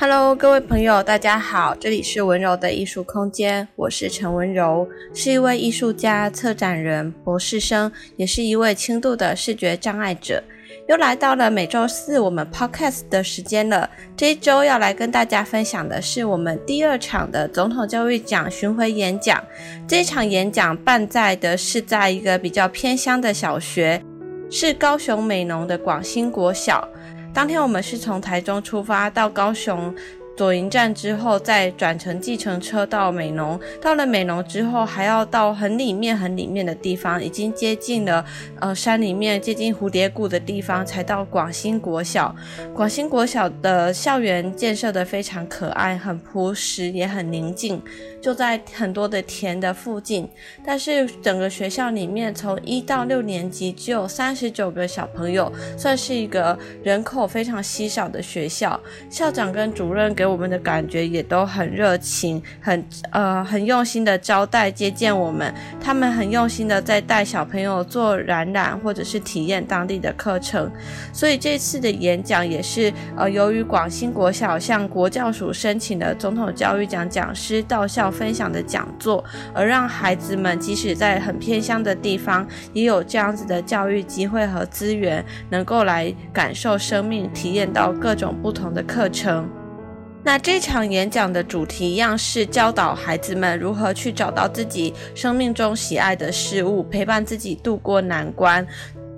Hello，各位朋友，大家好，這裡是溫柔的藝術空間，我是陳溫柔，是一位藝術家、策展人、博士生，也是一位輕度的視覺障礙者。又來到了每周四我們 Podcast 的時間了。這一周要來跟大家分享的是我們第二場的總統教育獎巡回演講。這一場演講辦在的是在一個比較偏鄉的小學，是高雄美濃的廣興國小。當天我們是從台中出發到高雄。左營站之後，再轉乘計程車到美濃。到了美濃之後，還要到很裡面很裡面的地方，已經接近了呃山裡面，接近蝴蝶谷的地方，才到廣興國小。廣興國小的校園建設得非常可愛，很樸實也很寧靜，就在很多的田的附近。但是整個學校裡面，從一到六年級只有三十九個小朋友，算是一個人口非常稀少的學校。校長跟主任給。我們的感覺也都很熱情，很呃很用心的招待接見我們。他們很用心的在帶小朋友做染染，或者是體驗當地的課程。所以這次的演講也是呃，由於廣興國小向國教署申請的總統教育獎講、講師到校分享的講座，而讓孩子們即使在很偏鄉的地方，也有這樣子的教育機會和資源，能夠來感受生命，體驗到各種不同的課程。那這場演講的主題一樣是，教導孩子們如何去找到自己生命中喜愛的事物，陪伴自己度過難關。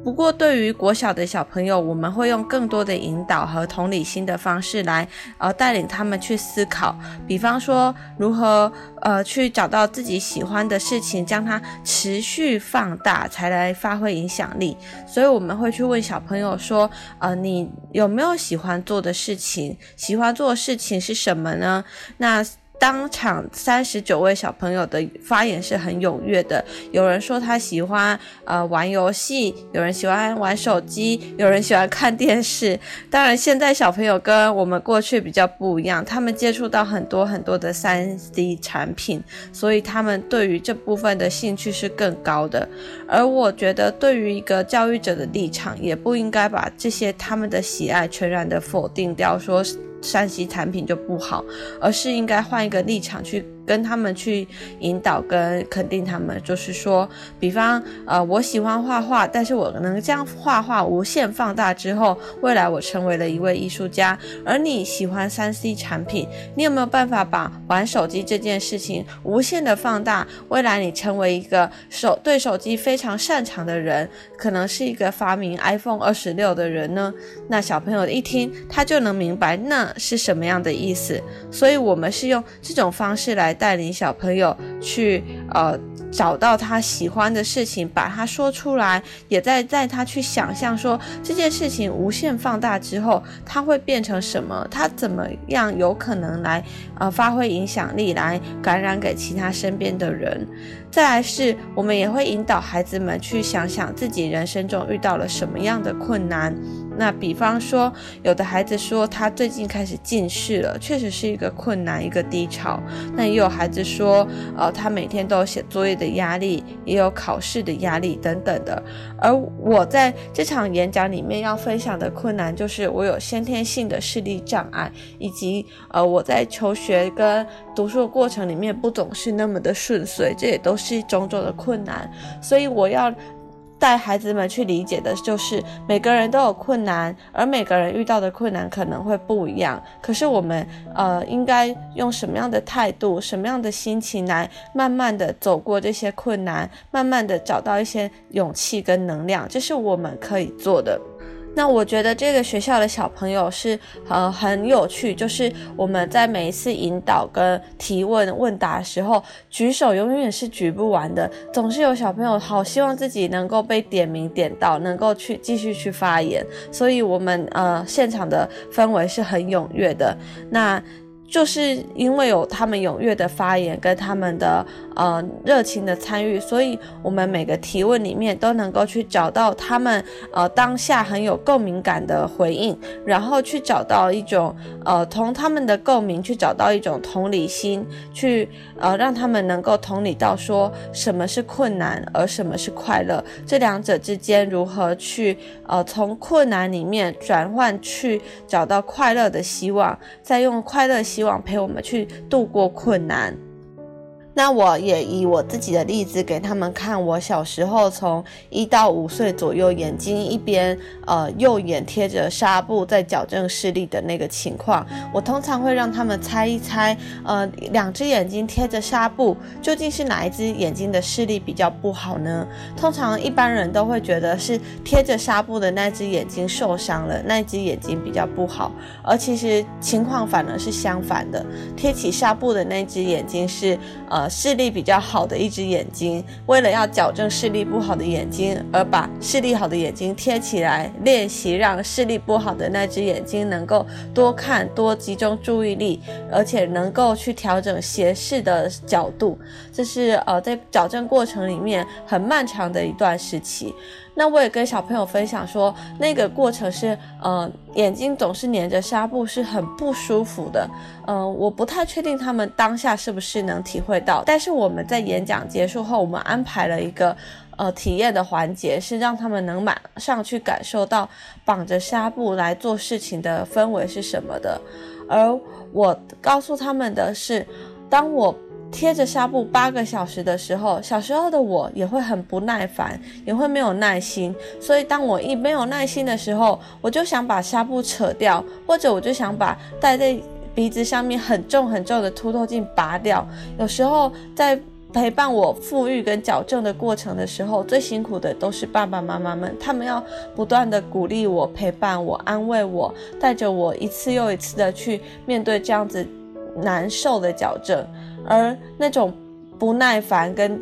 不過，對於國小的小朋友，我們會用更多的引導和同理心的方式來，呃，帶領他們去思考。比方說，如何呃去找到自己喜歡的事情，將它持續放大，才來發揮影響力。所以，我們會去問小朋友說，呃，你有沒有喜歡做的事情？喜歡做的事情是什麼呢？那，當場三十九位小朋友的發言是很踴躍的。有人說他喜歡呃玩遊戲，有人喜歡玩手機，有人喜歡看電視。當然，現在小朋友跟我們過去比較不一樣，他們接觸到很多很多的三 D 3D 產品，所以他們對於這部分的興趣是更高的。而我覺得，對於一個教育者的立場，也不應該把這些他們的喜愛全然的否定掉，說。山西產品就不好，而是應該換一個立場去。跟他們去引導跟肯定他們，就是說，比方，呃，我喜歡畫畫，但是我能將畫畫無限放大之後，未來我成為了一位藝術家。而你喜歡 3C 產品，你有沒有辦法把玩手機這件事情無限的放大？未來你成為一個手對手機非常擅長的人，可能是一個發明 iPhone 26的人呢？那小朋友一聽，他就能明白那是什麼樣的意思。所以，我們是用這種方式來。帶領小朋友去呃、找到他喜歡的事情，把他說出來，也在在他去想象說，說這件事情無限放大之後，他會變成什麼？他怎麼樣有可能來呃發揮影響力，來感染給其他身邊的人？再來是我們也會引導孩子們去想想自己人生中遇到了什麼樣的困難。那比方說，有的孩子說他最近開始近視了，確實是一個困難，一個低潮。那也有孩子說，呃，他每天都有寫作業。的壓力，也有考試的壓力等等的。而我在這場演講裡面要分享的困難，就是我有先天性的視力障礙，以及呃我在求學跟讀書的過程裡面不總是那麼的順遂，這也都是種種的困難。所以我要。帶孩子們去理解的就是，每個人都有困難，而每個人遇到的困難可能會不一樣。可是我們，呃，應該用什麼樣的態度、什麼樣的心情來慢慢的走過這些困難，慢慢的找到一些勇氣跟能量，這是我們可以做的。那我覺得這個學校的小朋友是呃很有趣，就是我們在每一次引導跟提問問答的時候，舉手永遠是舉不完的，總是有小朋友好希望自己能夠被點名點到，能夠去繼續去發言，所以我們呃現場的氛圍是很踴躍的，那就是因為有他們踴躍的發言跟他們的。呃，熱情的參與，所以我們每個提問裡面都能夠去找到他們，呃，當下很有共鳴感的回應，然後去找到一種，呃，同他們的共鳴，去找到一種同理心，去，呃，讓他們能夠同理到說什麼是困難，而什麼是快樂。這兩者之間如何去，呃，從困難裡面轉換去找到快樂的希望，再用快樂希望陪我們去度過困難。那我也以我自己的例子給他們看，我小時候從一到五歲左右，眼睛一邊，呃，右眼貼着紗布在矯正視力的那個情況，我通常會讓他們猜一猜，呃，兩隻眼睛貼着紗布，究竟是哪一隻眼睛的視力比較不好呢？通常一般人都會覺得是貼着紗布的那隻眼睛受傷了，那隻眼睛比較不好，而其實情況反而是相反的，貼起紗布的那隻眼睛是呃。視力比較好的一隻眼睛，為了要矯正視力不好的眼睛，而把視力好的眼睛貼起來練習，讓視力不好的那隻眼睛能夠多看、多集中注意力，而且能夠去調整斜視的角度。這是呃，在矯正過程裡面很漫長的一段時期。那我也跟小朋友分享說，那個過程是，呃，眼睛總是粘着紗布是很不舒服的，嗯、呃，我不太確定他們當下是不是能體會到。但是我們在演講結束後，我們安排了一個，呃，體驗的環節，是讓他們能馬上去感受到綁着紗布來做事情的氛圍是什麼的。而我告訴他們的是，當我。貼着紗布八個小時的時候，小時候的我也會很不耐煩，也會沒有耐心。所以，當我一沒有耐心的時候，我就想把紗布扯掉，或者我就想把戴在鼻子上面很重很重的凸透鏡拔掉。有時候在陪伴我復育跟矯正的過程的時候，最辛苦的都是爸爸媽媽們，他們要不斷的鼓勵我、陪伴我、安慰我，帶着我一次又一次的去面對這樣子難受的矯正。而那種不耐煩跟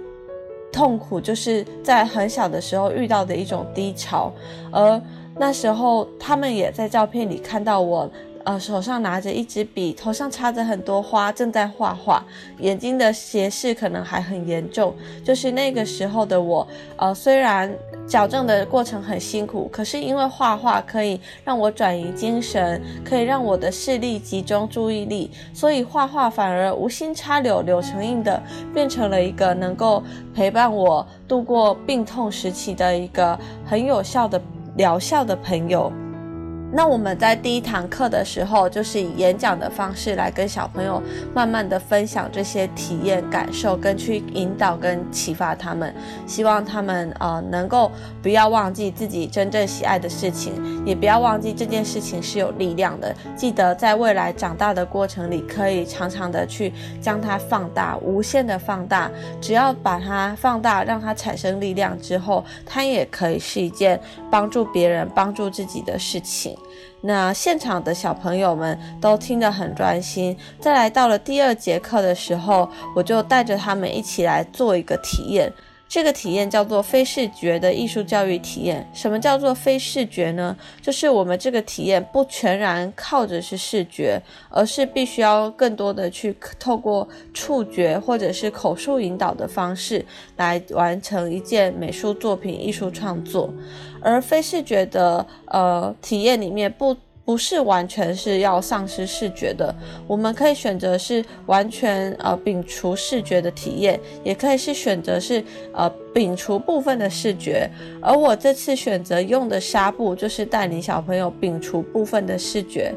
痛苦，就是在很小的時候遇到的一種低潮，而那時候他們也在照片裡看到我。呃，手上拿着一支筆，頭上插着很多花，正在畫畫，眼睛的斜視可能還很嚴重。就是那個時候的我，呃，雖然矯正的過程很辛苦，可是因為畫畫可以讓我轉移精神，可以讓我的視力集中注意力，所以畫畫反而無心插柳，柳成蔭的變成了一個能夠陪伴我度過病痛時期的一個很有效的療效的朋友。那我們在第一堂課的時候，就是以演講的方式來跟小朋友慢慢的分享這些體驗感受，跟去引導跟啟發他們，希望他們呃能夠不要忘記自己真正喜愛的事情，也不要忘記這件事情是有力量的。記得在未來長大的過程裡，可以常常的去將它放大，無限的放大。只要把它放大，讓它產生力量之後，它也可以是一件幫助別人、幫助自己的事情。那現場的小朋友們都聽得很專心。再來到了第二節課的時候，我就帶着他們一起來做一個體驗。這個體驗叫做非視覺的藝術教育體驗。什麼叫做非視覺呢？就是我們這個體驗不全然靠着是視覺，而是必須要更多的去透過觸覺或者是口述引導的方式來完成一件美術作品、藝術創作。而非視覺的呃體驗裡面不。不是完全是要喪失視覺的，我們可以選擇是完全呃摒除視覺的體驗，也可以是選擇是呃摒除部分的視覺。而我這次選擇用的紗布，就是帶領小朋友摒除部分的視覺。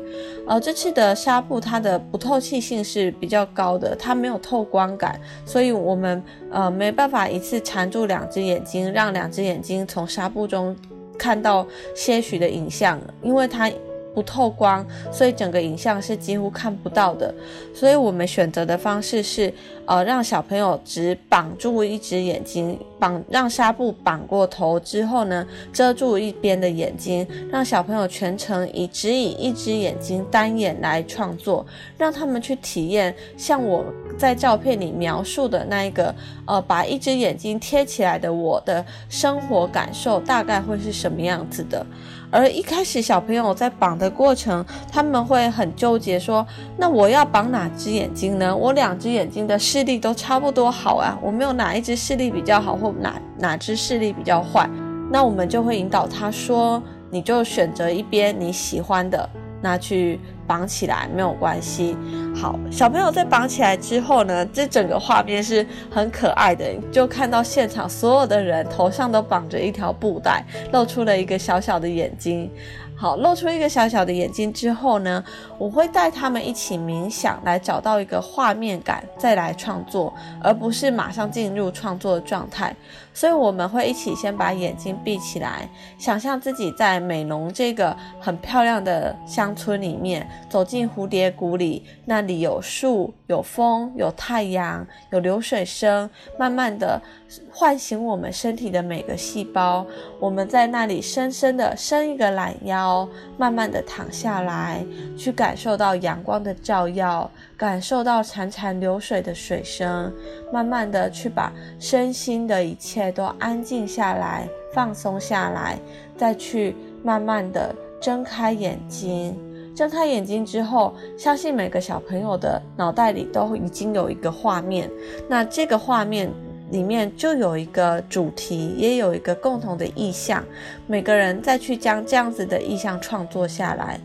呃，這次的紗布它的不透氣性是比較高的，它沒有透光感，所以我們呃沒辦法一次纏住兩隻眼睛，讓兩隻眼睛從紗布中看到些許的影像，因為它。不透光，所以整個影像是幾乎看不到的。所以我們選擇的方式是，呃，讓小朋友只綁住一隻眼睛，綁，讓紗布綁過頭之後呢，遮住一邊的眼睛，讓小朋友全程以，只以一隻眼睛單眼來創作，讓他們去體驗像我在照片裡描述的那一個，呃，把一隻眼睛貼起來的我的生活感受大概會是什麼樣子的。而一開始，小朋友在綁的過程，他們會很糾結，說：“那我要綁哪隻眼睛呢？我兩隻眼睛的視力都差不多好啊，我沒有哪一隻視力比較好，或哪，哪隻視力比較壞。”那我們就會引導他說：“你就選擇一邊你喜歡的。”那去綁起來沒有關係。好，小朋友在綁起來之後呢，這整個畫面是很可愛的。就看到現場所有的人頭上都綁着一條布帶，露出了一個小小的眼睛。好，露出一個小小的眼睛之後呢，我會帶他們一起冥想，來找到一個畫面感，再來創作，而不是馬上進入創作的狀態。所以我們會一起先把眼睛閉起來，想象自己在美濃這個很漂亮的鄉村裡面，走進蝴蝶谷裡，那裡有樹、有風、有太陽、有流水聲，慢慢的喚醒我們身體的每個細胞。我們在那裡深深的伸一個懶腰，慢慢的躺下來，去感受到陽光的照耀。感受到潺潺流水的水聲，慢慢的去把身心的一切都安靜下來，放鬆下來，再去慢慢的睜開眼睛。睜開眼睛之後，相信每個小朋友的腦袋裡都已經有一個畫面，那這個畫面裡面就有一個主題，也有一個共同的意象。每個人再去將這樣子的意象創作下來。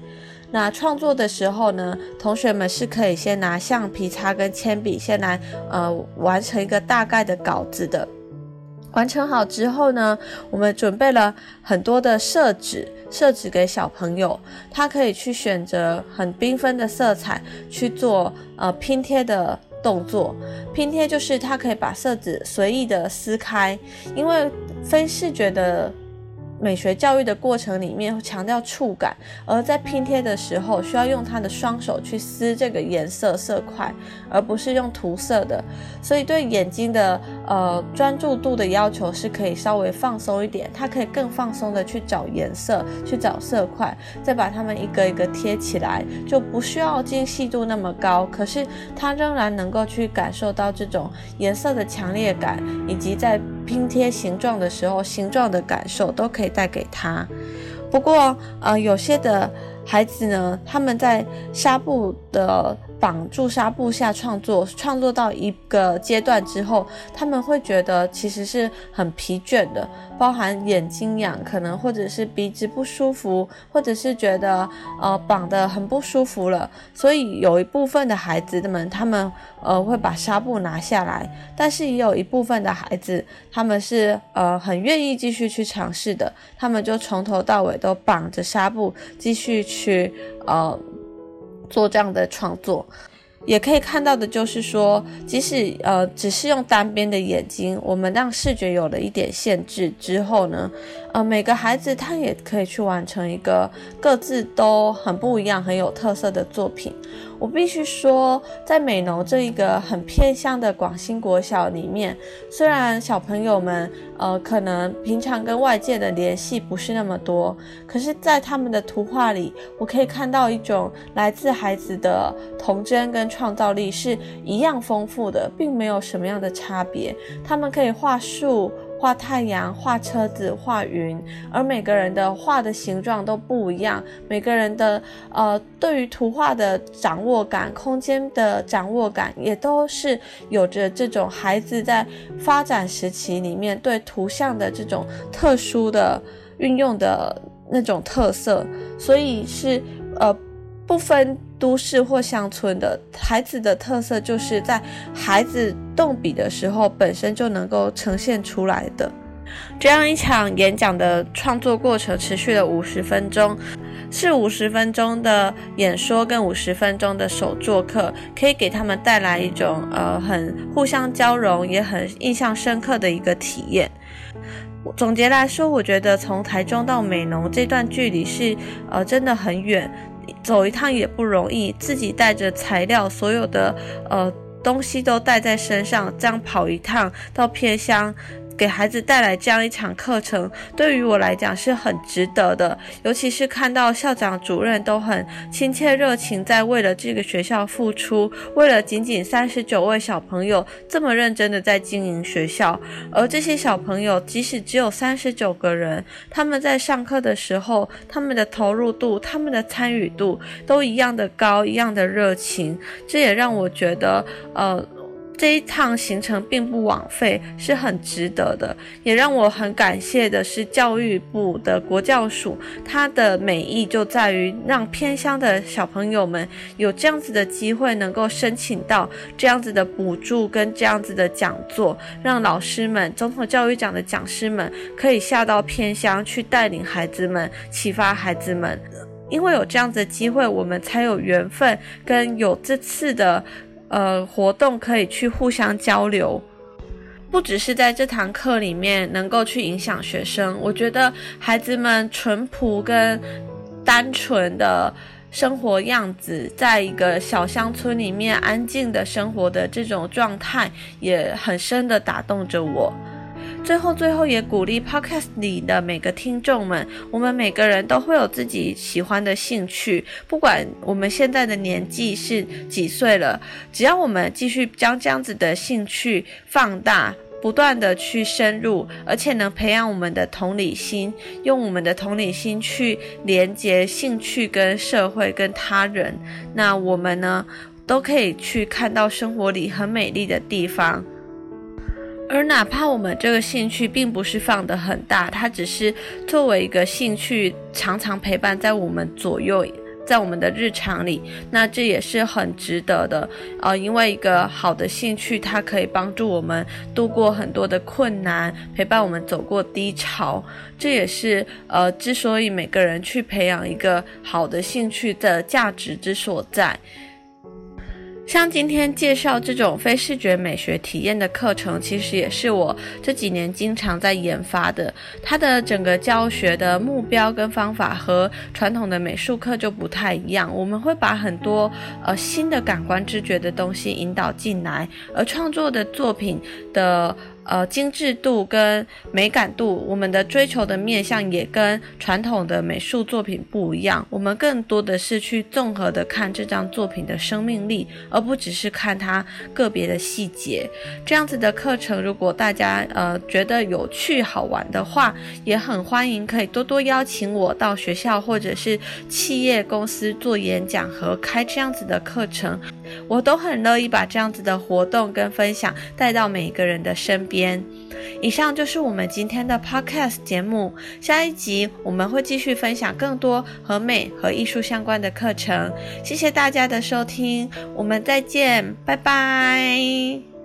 那創作的時候呢，同學們是可以先拿橡皮擦跟鉛筆先來呃完成一個大概的稿子的。完成好之後呢，我們準備了很多的色紙，色紙給小朋友，他可以去選擇很繽紛的色彩去做呃拼貼的動作。拼貼就是他可以把色紙隨意的撕開，因為非視覺的。美學教育的過程裡面會強調觸感，而在拼貼的時候需要用他的雙手去撕這個顏色色塊，而不是用塗色的，所以對眼睛的呃專注度的要求是可以稍微放鬆一點，他可以更放鬆的去找顏色、去找色塊，再把它們一個一個貼起來，就不需要精細度那麼高，可是他仍然能夠去感受到這種顏色的強烈感以及在。拼貼形狀的時候，形狀的感受都可以帶給他。不過，呃，有些的孩子呢，他們在紗布的。綁住紗布下創作，創作到一個階段之後，他們會覺得其實是很疲倦的，包含眼睛癢，可能或者是鼻子不舒服，或者是覺得呃綁得很不舒服了，所以有一部分的孩子們，他們呃會把紗布拿下來，但是也有一部分的孩子，他們是呃很願意繼續去嘗試的，他們就從頭到尾都綁着紗布繼續去呃。做這樣的創作，也可以看到的，就是說，即使，呃，只是用單邊的眼睛，我們讓視覺有了一點限制之後呢，呃，每個孩子他也可以去完成一個各自都很不一樣、很有特色的作品。我必須說，在美濃這一個很偏鄉的廣興國小裡面，雖然小朋友們，呃，可能平常跟外界的聯繫不是那麼多，可是，在他們的圖畫裡，我可以看到一種來自孩子的童真跟創造力是一樣豐富的，並沒有什麼樣的差別。他們可以畫樹。畫太陽，畫車子，畫雲，而每個人的畫的形狀都不一樣，每個人的呃，對於圖畫的掌握感、空間的掌握感，也都是有着這種孩子在發展時期裡面對圖像的這種特殊的運用的那種特色，所以是呃不分都市或鄉村的孩子的特色，就是在孩子動筆的時候，本身就能夠呈現出來的。這樣一場演講的創作過程持續了五十分鐘，是五十分鐘的演說跟五十分鐘的手作課，可以給他們帶來一種呃很互相交融，也很印象深刻的一個體驗。總結來說，我覺得從台中到美濃這段距離是呃真的很遠。走一趟也不容易，自己帶着材料，所有的呃東西都帶在身上，這樣跑一趟到偏鄉。給孩子帶來這樣一場課程，對於我來講是很值得的。尤其是看到校長、主任都很親切、熱情，在為了這個學校付出，為了僅僅三十九位小朋友這麼認真的在經營學校。而這些小朋友，即使只有三十九個人，他們在上課的時候，他們的投入度、他們的參與度都一樣的高，一樣的熱情。這也讓我覺得，呃，這一趟行程並不枉費，是很值得的。也讓我很感謝的是教育部的國教署，它的美意就在於讓偏鄉的小朋友們有這樣子的機會，能夠申請到這樣子的補助跟這樣子的講座，讓老師們、總統教育獎的講師們可以下到偏鄉去帶領孩子們、啟發孩子們。因為有這樣子的機會，我們才有緣分跟有這次的。呃，活動可以去互相交流，不只是在這堂課裡面能夠去影響學生。我覺得孩子們淳樸跟單純的生活樣子，在一個小鄉村裡面安靜的生活的這種狀態，也很深的打動着我。最後最後也鼓勵 Podcast 裡的每個聽眾們，我們每個人都會有自己喜歡的興趣，不管我們現在的年紀是幾歲了，只要我們繼續將這樣子的興趣放大，不斷的去深入，而且能培養我們的同理心，用我們的同理心去連接興趣跟社會跟他人，那我們呢，都可以去看到生活裡很美麗的地方。而哪怕我們這個興趣並不是放得很大，它只是作為一個興趣，常常陪伴在我們左右，在我們的日常裡，那這也是很值得的，呃，因為一個好的興趣，它可以幫助我們度過很多的困難，陪伴我們走過低潮，這也是呃，之所以每個人去培養一個好的興趣的價值之所在。像今天介紹這種非視覺美學體驗的課程，其實也是我這幾年經常在研發的。它的整個教學的目標跟方法和傳統的美術課就不太一樣，我們會把很多呃新的感官知覺的東西引導進來，而創作的作品的。呃，精緻度跟美感度，我們的追求的面向也跟傳統的美術作品不一樣。我們更多的是去綜合的看這張作品的生命力，而不只是看它個別的細節。這樣子的課程，如果大家呃覺得有趣好玩的話，也很歡迎，可以多多邀請我到學校或者是企業公司做演講和開這樣子的課程。我都很樂意把這樣子的活動跟分享帶到每一個人的身邊。以上就是我們今天的 Podcast 節目，下一集我們會繼續分享更多和美和藝術相關的課程。謝謝大家的收聽，我們再見，拜拜。